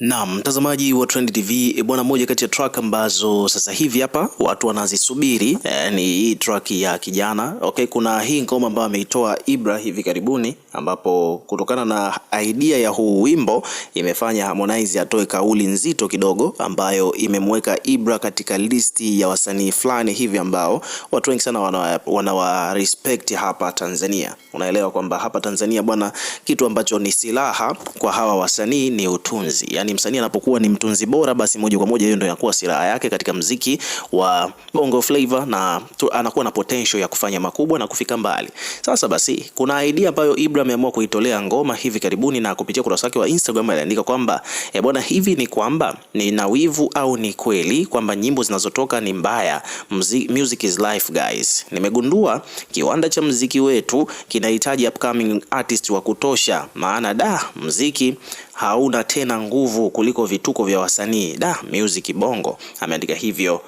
Na mtazamaji wa Trend TV eh, bwana, moja kati ya track ambazo sasa hivi hapa watu wanazisubiri e, ni hii track ya kijana. Okay, kuna hii ngoma ambayo ameitoa Ibra hivi karibuni, ambapo kutokana na idea ya huu wimbo imefanya Harmonize atoe kauli nzito kidogo, ambayo imemweka Ibra katika listi ya wasanii fulani hivi ambao watu wengi sana wanawa, wanawa respect hapa Tanzania. Unaelewa kwamba hapa Tanzania bwana, kitu ambacho ni silaha kwa hawa wasanii ni utunzi yani, yani msanii anapokuwa ni mtunzi bora, basi moja kwa moja hiyo ndio inakuwa silaha yake katika mziki wa Bongo Flava na tu, anakuwa na potential ya kufanya makubwa na kufika mbali. Sasa basi kuna idea ambayo Ibra ameamua kuitolea ngoma hivi karibuni, na kupitia kurasa yake wa Instagram aliandika kwamba e, bwana hivi ni kwamba nina wivu au ni kweli kwamba nyimbo zinazotoka ni mbaya? Mzi, music is life guys. Nimegundua kiwanda cha mziki wetu kinahitaji upcoming artist wa kutosha, maana da mziki hauna tena nguvu nguvu kuliko vituko vya wasanii da music bongo. Ameandika hivyo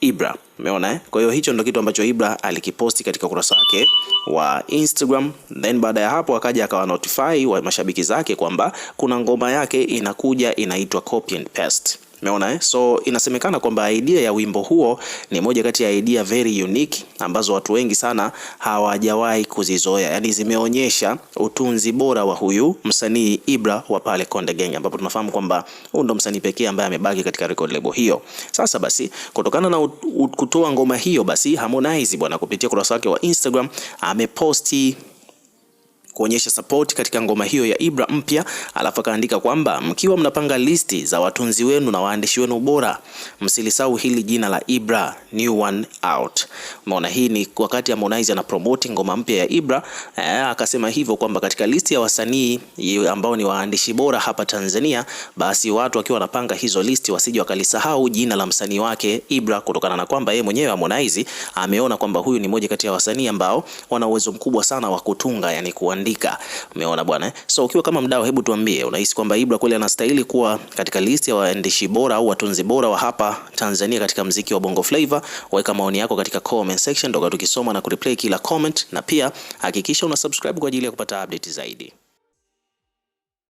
Ibra, umeona eh? Kwa hiyo hicho ndo kitu ambacho Ibra alikiposti katika ukurasa wake wa Instagram, then baada ya hapo akaja akawa notify wa mashabiki zake kwamba kuna ngoma yake inakuja inaitwa Copy and Paste. Umeona eh? So inasemekana kwamba idea ya wimbo huo ni moja kati ya idea very unique ambazo watu wengi sana hawajawahi kuzizoea, yaani zimeonyesha utunzi bora wa huyu msanii Ibra wa pale Konde Gang, ambapo tunafahamu kwamba huyu ndo msanii pekee ambaye amebaki katika record label hiyo. Sasa basi, kutokana na kutoa ngoma hiyo, basi Harmonize bwana, kupitia ukurasa wake wa Instagram ameposti kuonyesha support katika ngoma hiyo ya Ibra mpya, alafu akaandika kwamba mkiwa mnapanga listi za watunzi wenu na waandishi wenu bora, msilisahau hili jina la Ibra new one out. Umeona, hii ni wakati Harmonize ana promote ngoma mpya ya Ibra eh, akasema hivyo kwamba katika listi ya wasanii ambao ni waandishi bora hapa Tanzania, basi watu wakiwa wanapanga hizo listi wasije wakalisahau jina la msanii wake Ibra, kutokana na kwamba yeye mwenyewe Harmonize ameona kwamba huyu ni moja kati ya wasanii ambao wana uwezo mkubwa sana wa kutunga yani kuandika kuandika. Umeona bwana eh? So ukiwa kama mdau, hebu tuambie, unahisi kwamba Ibra kweli anastahili kuwa katika list ya waandishi bora au watunzi bora wa hapa Tanzania katika mziki wa Bongo Flavor? Weka maoni yako katika comment section, ndoka tukisoma na kureplay kila comment, na pia hakikisha una subscribe kwa ajili ya kupata update zaidi.